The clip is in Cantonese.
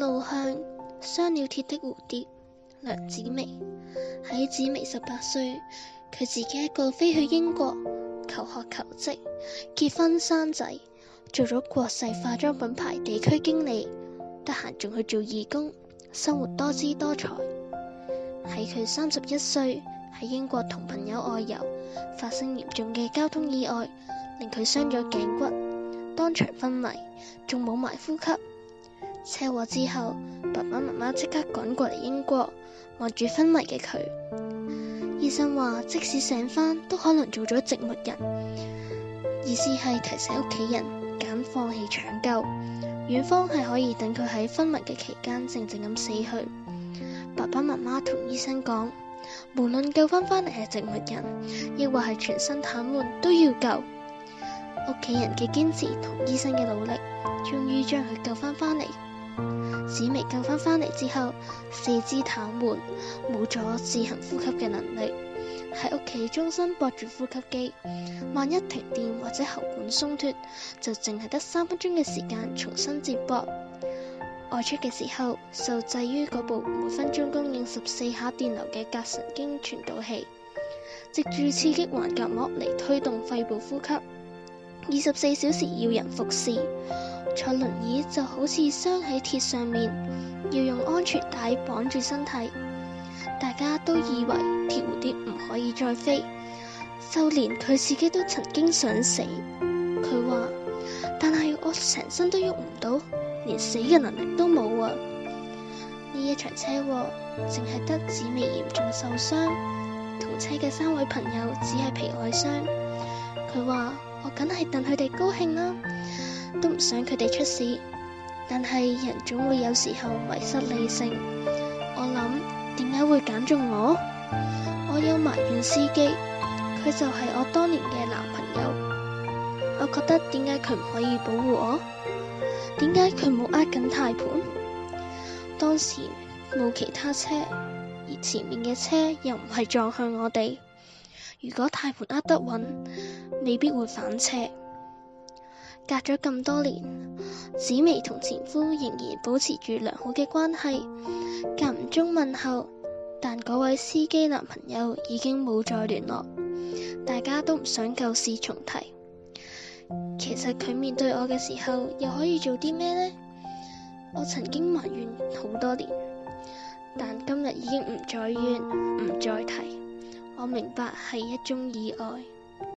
路向鑲了鐵的蝴蝶，梁子薇。喺子薇十八歲，佢自己一個飛去英國求學求職，結婚生仔，做咗國際化妝品牌地區經理，得閒仲去做義工，生活多姿多彩。喺佢三十一歲喺英國同朋友外遊，發生嚴重嘅交通意外，令佢傷咗頸骨，當場昏迷，仲冇埋呼吸。車禍之後，爸爸媽媽即刻趕過嚟英國，望住昏迷嘅佢。醫生話即使醒翻都可能做咗植物人，意思係提醒屋企人揀放棄搶救。院方係可以等佢喺昏迷嘅期間靜靜咁死去。爸爸媽媽同醫生講，無論救翻翻嚟係植物人，亦或係全身癱瘓，都要救。屋企人嘅堅持同醫生嘅努力，終於將佢救翻翻嚟。紫薇救返返嚟之後，四肢癱瘓，冇咗自行呼吸嘅能力，喺屋企終身駁住呼吸機，萬一停電或者喉管鬆脱，就淨係得三分鐘嘅時間重新接駁。外出嘅時候，受制於嗰部每分鐘供應十四下電流嘅膈神經傳導器，藉住刺激環膈膜嚟推動肺部呼吸，二十四小時要人服侍。坐輪椅就好似鑲喺鐵上面，要用安全帶綁住身體。大家都以為鐵蝴蝶唔可以再飛，就連佢自己都曾經想死。佢話：但係我成身都喐唔到，連死嘅能力都冇啊！呢一場車禍淨係得紫薇嚴重受傷，同車嘅三位朋友只係皮外傷。佢話：我梗係等佢哋高興啦。都唔想佢哋出事，但係人總會有時候迷失理性。我諗點解會揀中我？我有埋怨司機，佢就係我當年嘅男朋友。我覺得點解佢唔可以保護我？點解佢冇握緊軚盤？當時冇其他車，而前面嘅車又唔係撞向我哋。如果軚盤握得穩，未必會反車。隔咗咁多年，紫薇同前夫仍然保持住良好嘅關係，間唔中問候。但嗰位司機男朋友已經冇再聯絡，大家都唔想舊事重提。其實佢面對我嘅時候，又可以做啲咩呢？我曾經埋怨好多年，但今日已經唔再怨唔再提。我明白係一種意外。